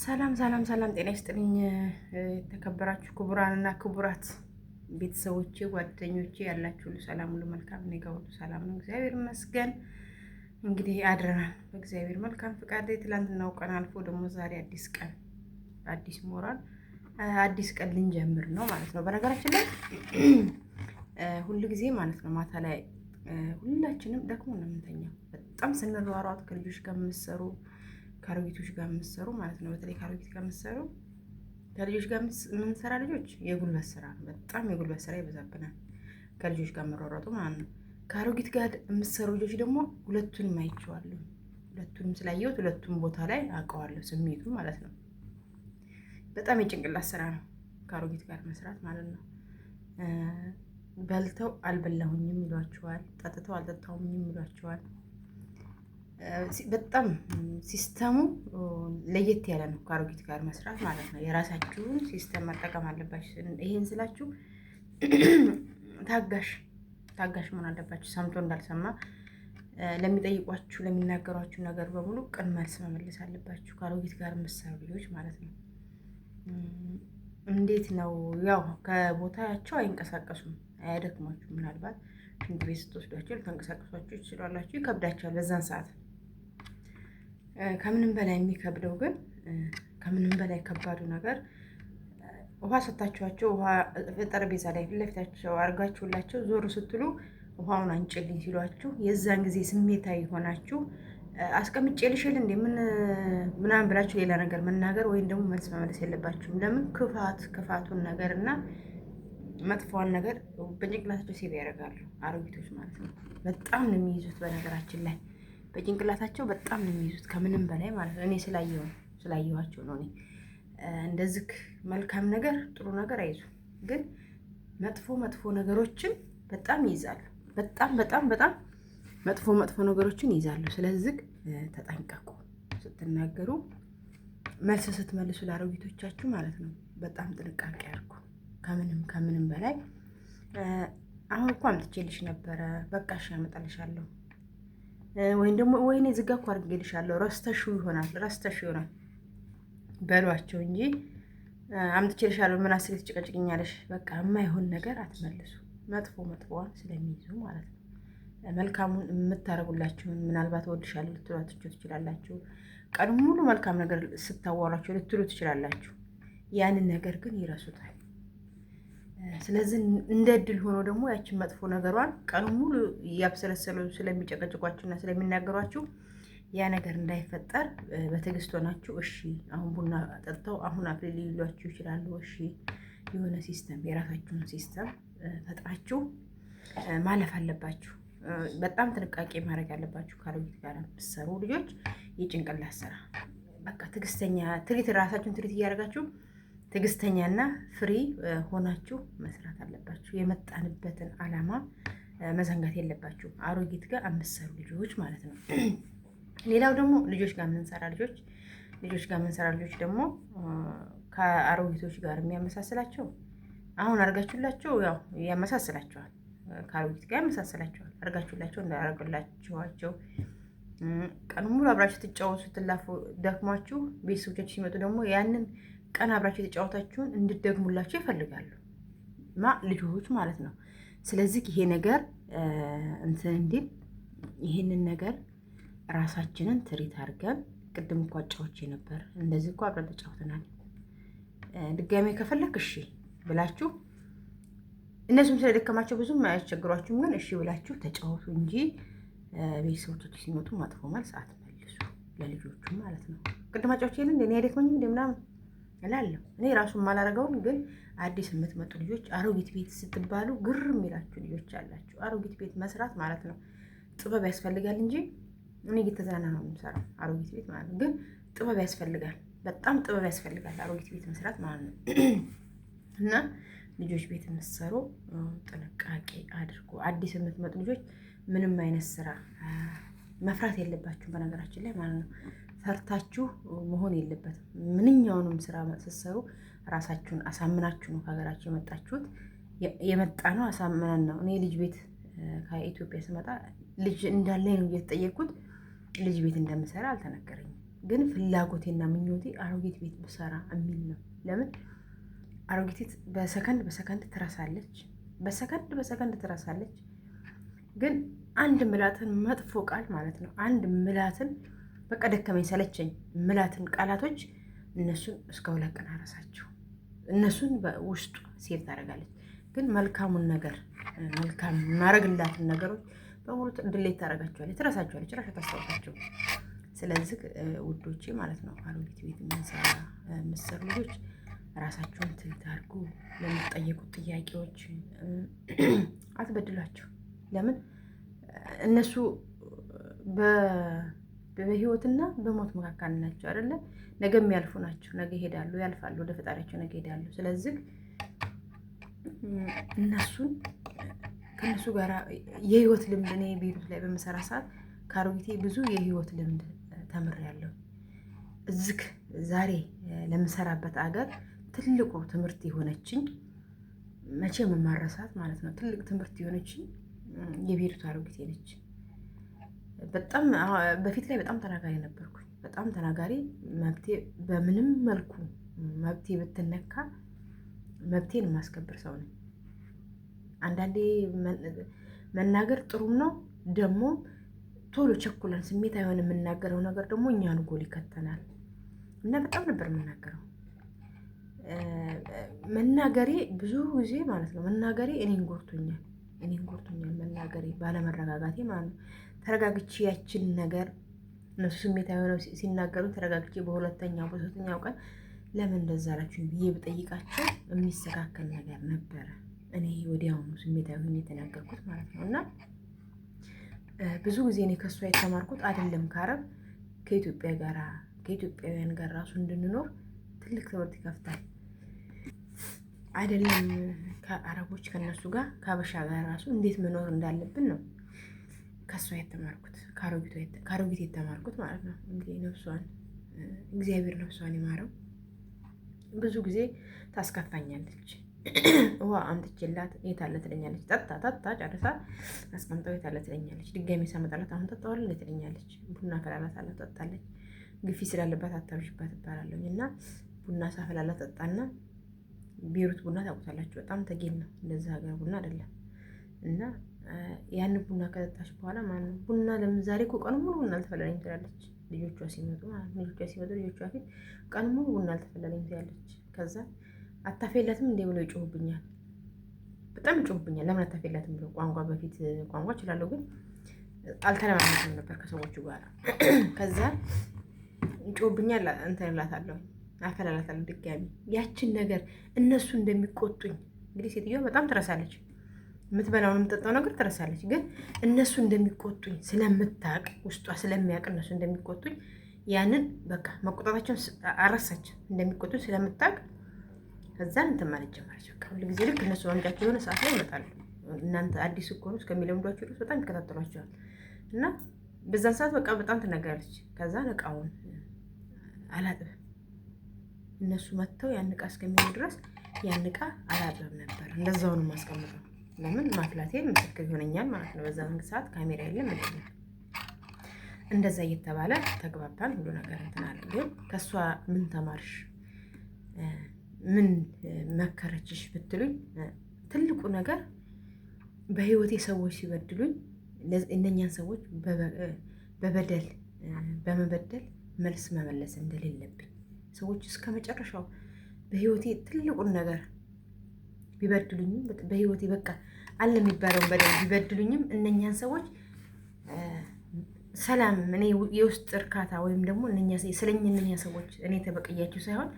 ሰላም ሰላም ሰላም፣ ጤና ይስጥልኝ የተከበራችሁ ክቡራንና ክቡራት ቤተሰቦቼ፣ ጓደኞቼ ያላችሁ ሁሉ ሰላም፣ ሁሉ መልካም፣ እኔ ጋር ሁሉ ሰላም ነው፣ እግዚአብሔር ይመስገን። እንግዲህ አድረናል በእግዚአብሔር መልካም ፍቃድ። ትላንትናው ቀን አልፎ ደግሞ ዛሬ አዲስ ቀን፣ አዲስ ሞራል፣ አዲስ ቀን ልንጀምር ነው ማለት ነው። በነገራችን ላይ ሁል ጊዜ ማለት ነው ማታ ላይ ሁላችንም ደክሞ ነው የምንተኛው። በጣም ስንሯሯጥ ከልጆች ጋር የምትሰሩ ከአሮጊቶች ጋር የምትሰሩ ማለት ነው። በተለይ ከአሮጊት ጋር የምትሰሩ ከልጆች ጋር የምንሰራ ልጆች የጉልበት ስራ በጣም የጉልበት ስራ ይበዛብናል። ከልጆች ጋር የምሯሯጡ ማለት ነው። ከአሮጊት ጋር የምትሰሩ ልጆች ደግሞ ሁለቱንም አይቼዋለሁ። ሁለቱንም ስላየሁት ሁለቱም ቦታ ላይ አውቀዋለሁ፣ ስሜቱ ማለት ነው። በጣም የጭንቅላት ስራ ነው ከአሮጊት ጋር መስራት ማለት ነው። በልተው አልበላሁኝም ይሏቸዋል፣ ጠጥተው አልጠጣሁኝም ይሏቸዋል። በጣም ሲስተሙ ለየት ያለ ነው ከአሮጊት ጋር መስራት ማለት ነው። የራሳችሁን ሲስተም መጠቀም አለባችሁ። ይህን ስላችሁ ታጋሽ ታጋሽ መሆን አለባችሁ። ሰምቶ እንዳልሰማ ለሚጠይቋችሁ ለሚናገሯችሁ ነገር በሙሉ ቅን መልስ መመለስ አለባችሁ። ከአሮጊት ጋር መሰሩ ልጆች ማለት ነው። እንዴት ነው ያው ከቦታቸው አይንቀሳቀሱም፣ አያደክሟችሁ። ምናልባት ሽንት ቤት ስትወስዷቸው ልተንቀሳቀሷቸው ይችላላችሁ፣ ይከብዳቸዋል በዛን ሰዓት ከምንም በላይ የሚከብደው ግን ከምንም በላይ ከባዱ ነገር ውሃ ሰታችኋቸው ውሃ ጠረጴዛ ላይ ፊትለፊታቸው ለፊታቸው አድርጋችሁላቸው ዞር ስትሉ ውሃውን አንጭልኝ ሲሏችሁ የዛን ጊዜ ስሜታዊ ሆናችሁ አስቀምጬ ልሽል እንዴ ምን ምናምን ብላችሁ ሌላ ነገር መናገር ወይም ደግሞ መልስ መመለስ የለባችሁም። ለምን ክፋት ክፋቱን ነገር እና መጥፎዋን ነገር በጭንቅላታቸው ሴብ ያደርጋሉ አሮጊቶች ማለት ነው። በጣም ነው የሚይዙት በነገራችን ላይ በጭንቅላታቸው በጣም ነው የሚይዙት፣ ከምንም በላይ ማለት ነው። እኔ ስላየው ስላየኋቸው ነው። እኔ እንደዚህ መልካም ነገር ጥሩ ነገር አይዙ፣ ግን መጥፎ መጥፎ ነገሮችን በጣም ይይዛሉ። በጣም በጣም በጣም መጥፎ መጥፎ ነገሮችን ይይዛሉ። ስለዚህ ተጠንቀቁ ስትናገሩ፣ መልስ ስትመልሱ ለአሮጊቶቻችሁ ማለት ነው። በጣም ጥንቃቄ አድርጉ። ከምንም ከምንም በላይ አሁን እኮ አምጥቼልሽ ነበረ፣ በቃሽ፣ አመጣልሻለሁ ወይም ደግሞ ወይኔ ዝጋ እኮ አድርጌልሻለሁ ረስተሽው ይሆናል ረስተሽው ይሆናል በሏቸው እንጂ አምጥቼልሻለሁ ምን አስሬ ትጭቀጭቅኛለሽ። በቃ የማይሆን ነገር አትመልሱ። መጥፎ መጥፎዋን ስለሚይዙ ማለት ነው። መልካሙን የምታደርጉላችሁን ምናልባት እወድሻለሁ ልትሏቸው ትችላላችሁ። ቀን ሙሉ መልካም ነገር ስታዋሯቸው ልትሉ ትችላላችሁ። ያንን ነገር ግን ይረሱታል። ስለዚህ እንደ እድል ሆኖ ደግሞ ያችን መጥፎ ነገሯን ቀኑ ሙሉ እያብሰለሰሉ ስለሚጨቀጭቋችሁና ስለሚናገሯችሁ ያ ነገር እንዳይፈጠር በትዕግስት ሆናችሁ እሺ፣ አሁን ቡና ጠጥተው አሁን አፍልል ሊሏችሁ ይችላሉ። እሺ፣ የሆነ ሲስተም የራሳችሁን ሲስተም ፈጥራችሁ ማለፍ አለባችሁ። በጣም ጥንቃቄ ማድረግ አለባችሁ። ካሎት ጋር የምትሰሩ ልጆች የጭንቅላት ስራ በቃ ትዕግስተኛ ትሪት ራሳችሁን ትሪት እያደረጋችሁ ትዕግስተኛና ፍሪ ሆናችሁ መስራት አለባችሁ። የመጣንበትን ዓላማ መዘንጋት የለባችሁ። አሮጊት ጋር አምሰሩ ልጆች ማለት ነው። ሌላው ደግሞ ልጆች ጋር የምንሰራ ልጆች ልጆች ጋር የምንሰራ ልጆች ደግሞ ከአሮጊቶች ጋር የሚያመሳስላቸው አሁን አድርጋችሁላቸው ያው ያመሳስላቸዋል። ከአሮጊት ጋር ያመሳስላቸዋል። አርጋችሁላቸው እንዳደረግላችኋቸው ቀኑ ሙሉ አብራችሁ ትጫወቱ ስትላፉ ደክሟችሁ ቤተሰቦቻችሁ ሲመጡ ደግሞ ያንን ቀን አብራችሁ የተጫወታችሁን እንድደግሙላችሁ ይፈልጋሉ ማ ልጆች ማለት ነው። ስለዚህ ይሄ ነገር እንትን እንዲል ይህንን ነገር ራሳችንን ትሪት አድርገን ቅድም እኮ አጫዎች ነበር እንደዚህ እኮ አብረን ተጫውተናል፣ ድጋሜ ከፈለክ እሺ ብላችሁ እነሱም ስለደከማቸው ብዙም አያስቸግሯችሁም፣ ግን እሺ ብላችሁ ተጫወቱ እንጂ ቤተሰቦቻችሁ ሲመጡ መጥፎ መልስ አትመልሱ፣ ለልጆቹ ማለት ነው። ቅድም አጫዎች ይህን እኔ አይደክመኝም እንደምናምን እላለሁ። እኔ ራሱ ማላረገውም ግን አዲስ የምትመጡ ልጆች አሮጊት ቤት ስትባሉ ግር የሚላችሁ ልጆች አላችሁ። አሮጊት ቤት መስራት ማለት ነው ጥበብ ያስፈልጋል እንጂ እኔ እየተዝናና ነው የምሰራው። አሮጊት ቤት ማለት ነው ግን ጥበብ ያስፈልጋል፣ በጣም ጥበብ ያስፈልጋል አሮጊት ቤት መስራት ማለት ነው። እና ልጆች ቤት የምትሰሩ ጥንቃቄ አድርጎ አዲስ የምትመጡ ልጆች ምንም አይነት ስራ መፍራት የለባችሁም በነገራችን ላይ ማለት ነው። ሰርታችሁ መሆን የለበትም። ምንኛውንም ስራ ስትሰሩ ራሳችሁን አሳምናችሁ ነው ከሀገራችሁ የመጣችሁት የመጣ ነው አሳምነን ነው። እኔ ልጅ ቤት ከኢትዮጵያ ስመጣ ልጅ እንዳለኝ ነው እየተጠየቅኩት። ልጅ ቤት እንደምሰራ አልተነገረኝም፣ ግን ፍላጎቴና ምኞቴ አሮጌት ቤት ብሰራ የሚል ነው። ለምን አሮጌት በሰከንድ በሰከንድ ትረሳለች፣ በሰከንድ በሰከንድ ትረሳለች። ግን አንድ ምላትን መጥፎ ቃል ማለት ነው አንድ ምላትን በቃ ደከመኝ ሰለቸኝ ምላትን ቃላቶች እነሱን እስከ ሁለት ቀን አረሳቸው። እነሱን በውስጡ ሴፍ ታደርጋለች። ግን መልካሙን ነገር መልካም ማድረግላትን ነገሮች በሙሉ ድሌት ታደርጋቸዋለች፣ ትረሳቸዋለች፣ ጭራሽ ታስታውሳቸው። ስለዚህ ውዶቼ ማለት ነው አሮጊት ቤት የምንሰራ ምስር ልጆች ራሳችሁን ትዕት አድርጉ። ለሚጠየቁት ጥያቄዎች አትበድሏቸው። ለምን እነሱ በህይወትና በሞት መካከል ናቸው አይደለ? ነገ የሚያልፉ ናቸው። ነገ ይሄዳሉ፣ ያልፋሉ፣ ወደ ፈጣሪያቸው ነገ ይሄዳሉ። ስለዚህ እነሱን ከእነሱ ጋር የህይወት ልምድ እኔ ቤሩት ላይ በምሰራ ሰዓት ከአሮጊቴ ብዙ የህይወት ልምድ ተምሬያለሁ። እዚህ ዛሬ ለምሰራበት አገር ትልቁ ትምህርት የሆነችኝ መቼ መማረሳት ማለት ነው። ትልቅ ትምህርት የሆነችኝ የቤሩት አሮጊቴ ነች። በጣም በፊት ላይ በጣም ተናጋሪ ነበርኩ በጣም ተናጋሪ መብቴ በምንም መልኩ መብቴ ብትነካ መብቴን የማስከብር ሰው ነኝ። አንዳንዴ መናገር ጥሩም ነው፣ ደግሞ ቶሎ ቸኩለን ስሜት አይሆን የምናገረው ነገር ደግሞ እኛን ጎል ይከተናል እና በጣም ነበር የምናገረው። መናገሬ ብዙ ጊዜ ማለት ነው መናገሬ እኔን ጎርቶኛል፣ እኔን ጎርቶኛል መናገሬ ባለመረጋጋቴ ማለት ነው። ተረጋግቼ ያችን ነገር እነሱ ስሜታዊ ሆነው ሲናገሩ ተረጋግቼ በሁለተኛው በሶስተኛው ቀን ለምን እንደዛ አላችሁ ብዬ ብጠይቃቸው የሚስተካከል ነገር ነበረ። እኔ ወዲያውኑ ስሜታዊ ሆኜ የተናገርኩት ማለት ነው። እና ብዙ ጊዜ እኔ ከእሷ የተማርኩት አይደለም ከአረብ ከኢትዮጵያ ጋራ ከኢትዮጵያውያን ጋር ራሱ እንድንኖር ትልቅ ትምህርት ይከፍታል። አይደለም ከአረቦች ከነሱ ጋር ከአበሻ ጋር ራሱ እንዴት መኖር እንዳለብን ነው ከእሷ የተማርኩት ከአሮጊት የተማርኩት ማለት ነው። እንግዲህ ነፍሷን እግዚአብሔር ነፍሷን ይማረው። ብዙ ጊዜ ታስከፋኛለች። ውሃ አምጥቼላት የታለ ትለኛለች። ጠጣ ጠጣ ጨርሳ አስቀምጠው የታለ ትለኛለች። ድጋሚ ሳመጣላት አሁን ጠጣዋል ትለኛለች። ቡና ፈላላት ፈላላታለሁ ጠጣለች። ግፊ ስላለባት አታብሽባት እባላለሁ እና ቡና ሳፈላላት ጠጣና ቢሩት ቡና ታውቁታላችሁ። በጣም ተጌል ነው እንደዚህ ሀገር ቡና አይደለም እና ያን ቡና ከጠጣች በኋላ ማለት ነው። ቡና ለምን ዛሬ እኮ ሙሉ ቡና አልተፈላለኝም ትላለች። ልጆቿ ሲመጡ ማለት ነው። ልጆቿ ሲመጡ ልጆቿ ፊት ቀን ሙሉ ቡና አልተፈለለኝ ትላለች። ከዛ አታፌላትም እንዴ ብሎ ይጮሁብኛል። በጣም ይጮሁብኛል። ለምን አታፌላትም ብሎ ቋንቋ በፊት ቋንቋ እችላለሁ፣ ግን አልተለማመድኩም ነበር ከሰዎቹ ጋር። ከዛ ይጮሁብኛል። እንትን እላታለሁ፣ አፈላላታለሁ ድጋሚ ያችን ነገር እነሱ እንደሚቆጡኝ። እንግዲህ ሴትዮዋ በጣም ትረሳለች የምትበላውን የምጠጣው ነገር ትረሳለች። ግን እነሱ እንደሚቆጡኝ ስለምታቅ ውስጧ ስለሚያውቅ እነሱ እንደሚቆጡኝ ያንን በቃ መቆጣታቸውን አረሳች። እንደሚቆጡኝ ስለምታቅ ከዛ እንትን ማለት ጀመረች። በቃ ልክ እነሱ መምጫቸው የሆነ ሰዓት ላይ ይመጣሉ። እናንተ አዲስ እኮ ነው እስከሚለምዷቸው ድረስ በጣም ይከታተሏቸዋል። እና በዛን ሰዓት በቃ በጣም ትነግራለች። ከዛ እቃውን አላጥብም እነሱ መጥተው ያን እቃ እስከሚሆኑ ድረስ ያን እቃ አላጥብም ነበር። እንደዛው ነው የማስቀምጠው። ለምን ማፍላቴ ምስክር ይሆነኛል ማለት ነው። በዛ መንግስት ሰዓት ካሜራ የለም ምንድነው እንደዛ እየተባለ ተግባባን። ሁሉ ነገር እንትናል። ግን ከእሷ ምን ተማርሽ፣ ምን መከረችሽ ብትሉኝ ትልቁ ነገር በህይወቴ ሰዎች ሲበድሉኝ እነኛን ሰዎች በበደል በመበደል መልስ መመለስ እንደሌለብኝ ሰዎች እስከ መጨረሻው በህይወቴ ትልቁን ነገር ቢበድሉኝም በህይወት በቃ አለ የሚባለውን በደል ቢበድሉኝም እነኛን ሰዎች ሰላም እኔ የውስጥ እርካታ ወይም ደግሞ ስለኝ እነኛ ሰዎች እኔ ተበቀያቸው ሳይሆን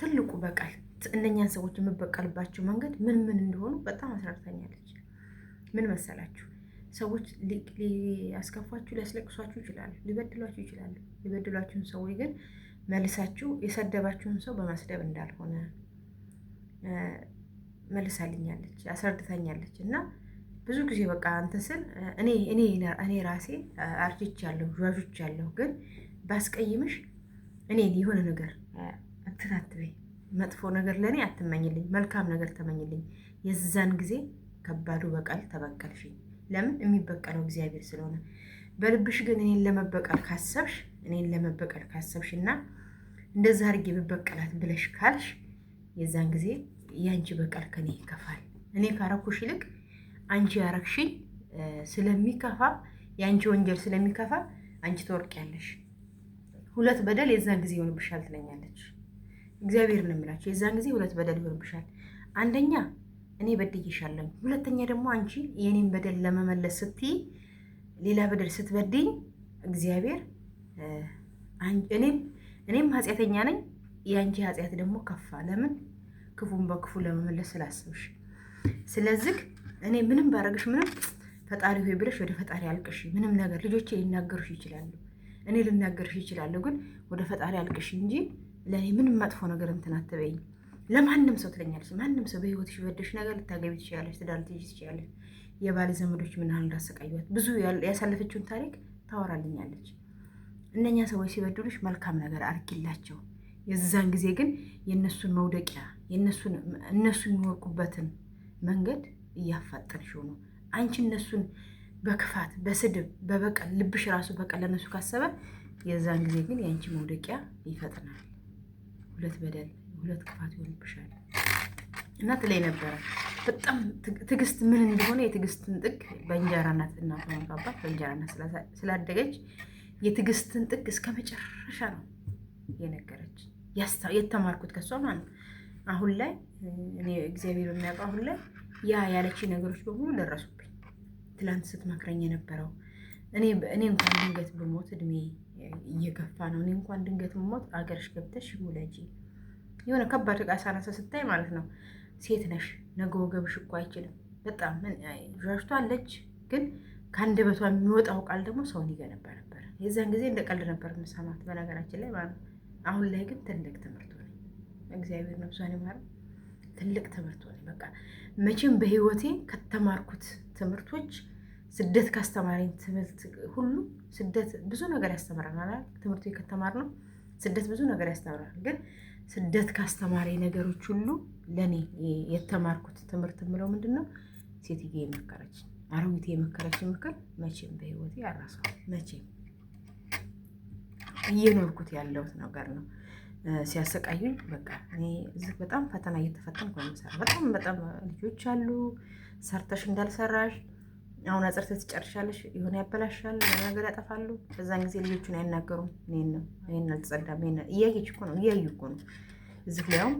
ትልቁ በቃል እነኛን ሰዎች የምበቀልባቸው መንገድ ምን ምን እንደሆኑ በጣም አስረድታኛለች። ምን መሰላችሁ? ሰዎች ሊያስከፏችሁ፣ ሊያስለቅሷችሁ ይችላሉ፣ ሊበድሏችሁ ይችላሉ። የበድሏችሁን ሰዎች ግን መልሳችሁ የሰደባችሁን ሰው በማስደብ እንዳልሆነ መልሳልኛለች፣ አስረድታኛለች። እና ብዙ ጊዜ በቃ አንተ ስል እኔ እኔ እኔ ራሴ አርጅቻለሁ፣ ያለሁ ግን ባስቀይምሽ እኔ የሆነ ነገር እንትን መጥፎ ነገር ለእኔ አትመኝልኝ፣ መልካም ነገር ተመኝልኝ። የዛን ጊዜ ከባዱ በቀል ተበቀልሽኝ። ለምን የሚበቀለው እግዚአብሔር ስለሆነ በልብሽ ግን እኔን ለመበቀል ካሰብሽ እኔን ለመበቀል ካሰብሽ እና እንደዛ አድርጌ ብበቀላት ብለሽ ካልሽ የዛን ጊዜ የአንቺ በቀል ከኔ ይከፋል። እኔ ካረኩሽ ይልቅ አንቺ ያረግሽኝ ስለሚከፋ የአንቺ ወንጀል ስለሚከፋ አንቺ ትወርቂያለሽ። ሁለት በደል የዛን ጊዜ ይሆንብሻል ትለኛለች። እግዚአብሔር ነው የዛን ጊዜ ሁለት በደል ይሆንብሻል። አንደኛ እኔ በድይሻለኝ ሁለተኛ ደግሞ አንቺ የኔን በደል ለመመለስ ስትይ ሌላ በደል ስትበድኝ እግዚአብሔር እኔም ኃጢአተኛ ነኝ። የአንቺ ኃጢአት ደግሞ ከፋ። ለምን ክፉን በክፉ ለመመለስ ስላስብሽ። ስለዚህ እኔ ምንም ባረግሽ ምንም ፈጣሪ ሆይ ብለሽ ወደ ፈጣሪ አልቅሽ። ምንም ነገር ልጆቼ ሊናገሩሽ ይችላሉ፣ እኔ ልናገርሽ ይችላሉ፣ ግን ወደ ፈጣሪ አልቅሽ እንጂ ለእኔ ምንም መጥፎ ነገር እንትን አትበይኝ። ለማንም ሰው ትለኛለች። ማንም ሰው በህይወትሽ በደሽ ነገር ልታገቢ ትችላለች፣ ትዳር ልትይጂ ትችላለች። የባለ ዘመዶች ምን ያህል እንዳሰቃዩት ብዙ ያሳለፈችውን ታሪክ ታወራልኛለች። እነኛ ሰዎች ሲበድሉሽ መልካም ነገር አርጊላቸው። የዛን ጊዜ ግን የእነሱን መውደቂያ እነሱ የሚወርቁበትን መንገድ እያፋጠንሽው ነው። አንቺ እነሱን በክፋት በስድብ በበቀል ልብሽ ራሱ በቀል ለነሱ ካሰበ የዛን ጊዜ ግን የአንቺ መውደቂያ ይፈጥናል። ሁለት በደል ሁለት ክፋት ይሆንብሻል እና ትለይ ነበረ። በጣም ትግስት ምን እንደሆነ የትግስትን ጥግ በእንጀራናት እናት እናቷ ስላደገች የትዕግስትን ጥግ እስከ መጨረሻ ነው የነገረች የተማርኩት ከሷ ማለት ነው። አሁን ላይ እኔ እግዚአብሔር የሚያውቀው አሁን ላይ ያ ያለች ነገሮች በሙሉ ደረሱብኝ። ትላንት ስትመክረኝ የነበረው እኔ እኔ እንኳን ድንገት ብሞት እድሜ እየገፋ ነው። እኔ እንኳን ድንገት ብሞት አገርሽ ገብተሽ ውለጂ የሆነ ከባድ ዕቃ ሳነሰ ስታይ ማለት ነው ሴት ነሽ፣ ነገ ወገብሽ እኮ አይችልም። በጣም ዣሽቷ አለች፣ ግን በቷ የሚወጣው ቃል ደግሞ ሰውን ይገነባ ነበር። የዛን ጊዜ እንደ ቀልድ ነበር የምሰማት በነገራችን ላይ ማለት ነው። አሁን ላይ ግን ትልቅ ትምህርት እግዚአብሔር ነብሷን ይማረው። ትልቅ ትምህርት ሆነ። በቃ መቼም በህይወቴ ከተማርኩት ትምህርቶች ስደት ካስተማረኝ ትምህርት ሁሉ ስደት ብዙ ነገር ያስተምረናል። ትምህርቱ ከተማር ነው ስደት ብዙ ነገር ያስተምራል። ግን ስደት ካስተማረኝ ነገሮች ሁሉ ለእኔ የተማርኩት ትምህርት የምለው ምንድን ነው? ሴትዬ የመከረች አሮጊቴ የመከረች ምክር መቼም በህይወቴ አራሷ መቼም እየኖርኩት ያለሁት ነገር ነው። ሲያሰቃዩኝ በቃ እኔ እዚህ በጣም ፈተና እየተፈተንኩ ነው የምሰራው። በጣም በጣም ልጆች አሉ። ሰርተሽ እንዳልሰራሽ አሁን አጽርተ ትጨርሻለሽ። የሆነ ያበላሻል፣ ነገር ያጠፋሉ። በዛን ጊዜ ልጆቹን አይናገሩም። እኔን ነው እኔን አልተጸዳም። እያየች እኮ ነው እያዩ እኮ ነው። እዚህ ሊያውም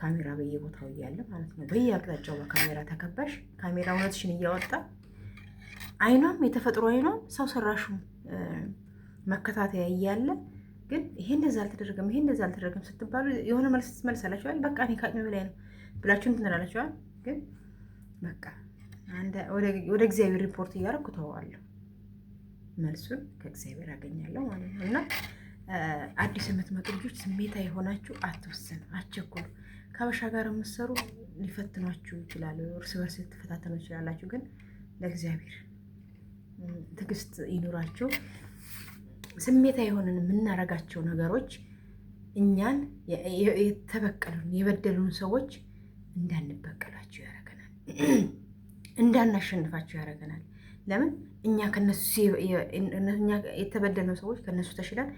ካሜራ በየቦታው እያለ ማለት ነው። በየአቅጣጫው በካሜራ ተከባሽ፣ ካሜራ እውነትሽን እያወጣ አይኗም የተፈጥሮ አይኗም ሰው ሰራሹም መከታተያ እያለ ግን ይሄ እንደዛ አልተደረገም፣ ይሄ እንደዛ አልተደረገም ስትባሉ የሆነ መልስ ትመልሳላችኋል። በቃ እኔ ከአቅሜ በላይ ነው ብላችሁን ትንላላችኋል። ግን በቃ ወደ እግዚአብሔር ሪፖርት እያደረኩ ተዋዋለሁ። መልሱን ከእግዚአብሔር አገኛለሁ ማለት ነው። እና አዲስ የምትመጡ ልጆች ስሜታ የሆናችሁ አትወስን አትቸኩሉ። ከበሻ ጋር የምትሰሩ ሊፈትኗችሁ ይችላሉ። እርስ በርስ ልትፈታተኑ ይችላላችሁ። ግን ለእግዚአብሔር ትዕግስት ይኑራችሁ። ስሜታ የሆነን የምናረጋቸው ነገሮች እኛን የተበቀሉን የበደሉን ሰዎች እንዳንበቀላቸው ያደርገናል፣ እንዳናሸንፋቸው ያደርገናል። ለምን እኛ ከነሱ የተበደልነው ሰዎች ከነሱ ተሽለን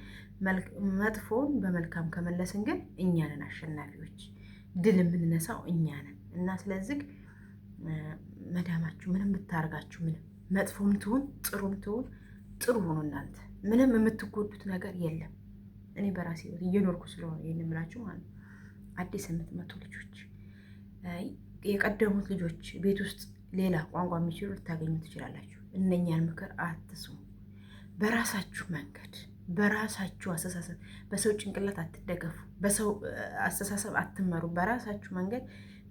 መጥፎውን በመልካም ከመለስን ግን እኛንን አሸናፊዎች፣ ድል የምንነሳው እኛንን እና ስለዚህ መዳማችሁ ምንም ብታደርጋችሁ ምንም መጥፎም ትሁን ጥሩም ትሁን ጥሩ ሆኖ እናንተ ምንም የምትጎዱት ነገር የለም። እኔ በራሴ ህይወት እየኖርኩ ስለሆነ ይህን የምላችሁ ማለት ነው። አዲስ የምትመጡ ልጆች፣ የቀደሙት ልጆች ቤት ውስጥ ሌላ ቋንቋ የሚችሉ ልታገኙ ትችላላችሁ። እነኛን ምክር አትስሙ። በራሳችሁ መንገድ፣ በራሳችሁ አስተሳሰብ፣ በሰው ጭንቅላት አትደገፉ። በሰው አስተሳሰብ አትመሩ። በራሳችሁ መንገድ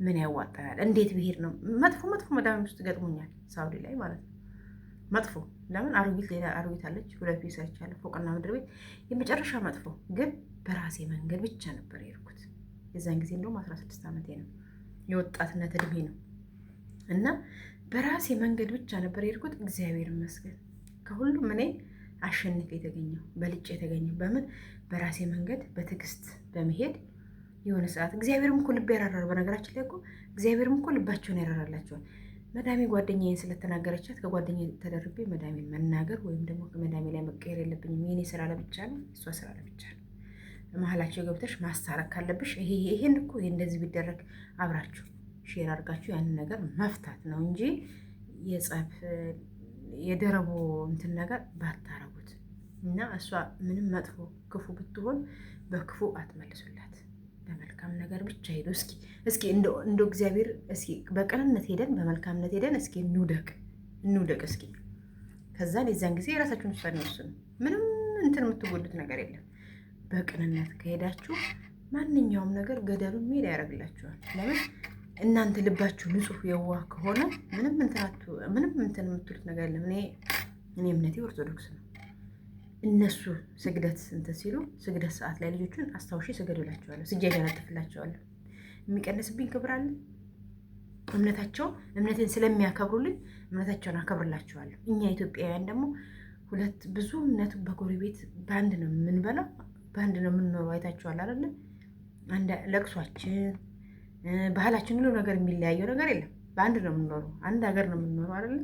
ምን ያዋጣናል፣ እንዴት ብሄድ ነው። መጥፎ መጥፎ መዳሚ ውስጥ ገጥሞኛል ሳውዲ ላይ ማለት ነው። መጥፎ ለምን አሮጊት ሌላ አሮጊት አለች። ሁለቱ ይሰርቻለሁ ፎቅና ምድር ቤት የመጨረሻ መጥፎ ግን በራሴ መንገድ ብቻ ነበር የሄድኩት። የዛን ጊዜ እንደውም አስራ ስድስት ዓመቴ ነው የወጣትነት እድሜ ነው እና በራሴ መንገድ ብቻ ነበር የሄድኩት። እግዚአብሔር ይመስገን ከሁሉም እኔ አሸንፌ የተገኘው በልጭ የተገኘው በምን በራሴ መንገድ በትዕግስት በመሄድ የሆነ ሰዓት እግዚአብሔርም እኮ ልብ ያራራል። በነገራችን ላይ እኮ እግዚአብሔርም እኮ ልባቸውን ያራራላቸዋል። መዳሜ ጓደኛዬን ስለተናገረቻት ከጓደኛ ተደርቤ መዳሜ መናገር ወይም ደግሞ ከመዳሜ ላይ መቀየር የለብኝም። የኔ ስራ ለብቻ ነው፣ እሷ ስራ ለብቻ ነው። መሀላቸው ገብተሽ ማስታረቅ ካለብሽ ይሄ ይሄን እኮ ይሄ እንደዚህ ቢደረግ አብራችሁ ሼር አድርጋችሁ ያንን ነገር መፍታት ነው እንጂ የጸብ የደረቦ እንትን ነገር ባታረጉት እና እሷ ምንም መጥፎ ክፉ ብትሆን በክፉ አትመልሱላት። በመልካም ነገር ብቻ ሄዱ። እስኪ እስኪ እንደ እግዚአብሔር እስኪ በቅንነት ሄደን በመልካምነት ሄደን እስኪ እንውደቅ እንውደቅ እስኪ ከዛን የዛን ጊዜ የራሳችሁን ውሳኔ ወስኑ። ምንም እንትን የምትጎዱት ነገር የለም። በቅንነት ከሄዳችሁ ማንኛውም ነገር ገደሉን ሜድ ያደርግላችኋል። ለምን እናንተ ልባችሁ ንጹሕ የዋህ ከሆነ ምንም ምንም እንትን የምትሉት ነገር የለም። እኔ እምነቴ ኦርቶዶክስ ነው። እነሱ ስግደት ስንት ሲሉ ስግደት ሰዓት ላይ ልጆቹን አስታውሺ ስገድ ብላቸዋለሁ። ስጃጅ አነጥፍላቸዋለሁ። የሚቀንስብኝ ክብር አለ? እምነታቸው እምነትን ስለሚያከብሩልኝ እምነታቸውን አከብርላቸዋለሁ። እኛ ኢትዮጵያውያን ደግሞ ሁለት ብዙ እምነት በጎረቤት በአንድ ነው የምንበላው፣ በአንድ ነው የምንኖረው። አይታችኋል አይደለ? አንድ ለቅሷችን፣ ባህላችን ሁሉ ነገር የሚለያየው ነገር የለም። በአንድ ነው የምንኖረው፣ አንድ ሀገር ነው የምንኖረው አይደለ?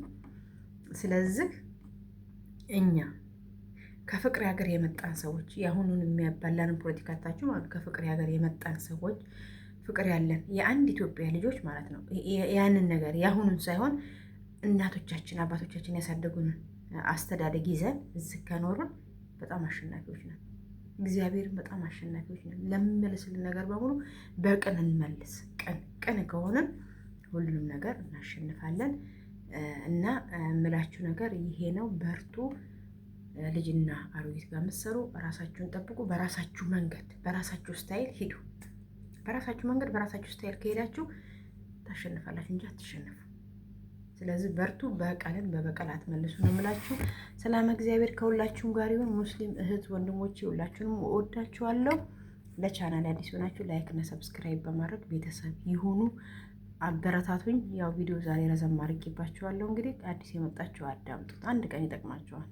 ስለዚህ እኛ ከፍቅር ሀገር የመጣን ሰዎች የአሁኑን የሚያባላንን ፖለቲካ ማለት ከፍቅር ሀገር የመጣን ሰዎች ፍቅር ያለን የአንድ ኢትዮጵያ ልጆች ማለት ነው። ያንን ነገር የአሁኑን ሳይሆን እናቶቻችን አባቶቻችን ያሳደጉን አስተዳደግ ይዘን እዚህ ከኖርን በጣም አሸናፊዎች ነን። እግዚአብሔርን በጣም አሸናፊዎች ነን። ለምንመልስልን ነገር በሙሉ በቅን እንመልስ። ቅን ቅን ከሆንን ሁሉም ነገር እናሸንፋለን። እና የምላችሁ ነገር ይሄ ነው። በርቱ። ልጅና አሮጊት ጋር የምትሰሩ ራሳችሁን ጠብቁ። በራሳችሁ መንገድ በራሳችሁ ስታይል ሂዱ። በራሳችሁ መንገድ በራሳችሁ ስታይል ከሄዳችሁ ታሸንፋላችሁ እንጂ አትሸነፉ። ስለዚህ በርቱ። በቀልን በበቀል አትመልሱ ነው የምላችሁ። ሰላም እግዚአብሔር ከሁላችሁም ጋር ይሁን። ሙስሊም እህት ወንድሞቼ ሁላችሁንም እወዳችኋለሁ። ለቻናል አዲስ ሆናችሁ ላይክ እና ሰብስክራይብ በማድረግ ቤተሰብ ይሁኑ። አበረታቱኝ። ያው ቪዲዮ ዛሬ ረዘም አድርጌባችኋለሁ። እንግዲህ አዲስ የመጣችሁ አዳምጡት፣ አንድ ቀን ይጠቅማችኋል።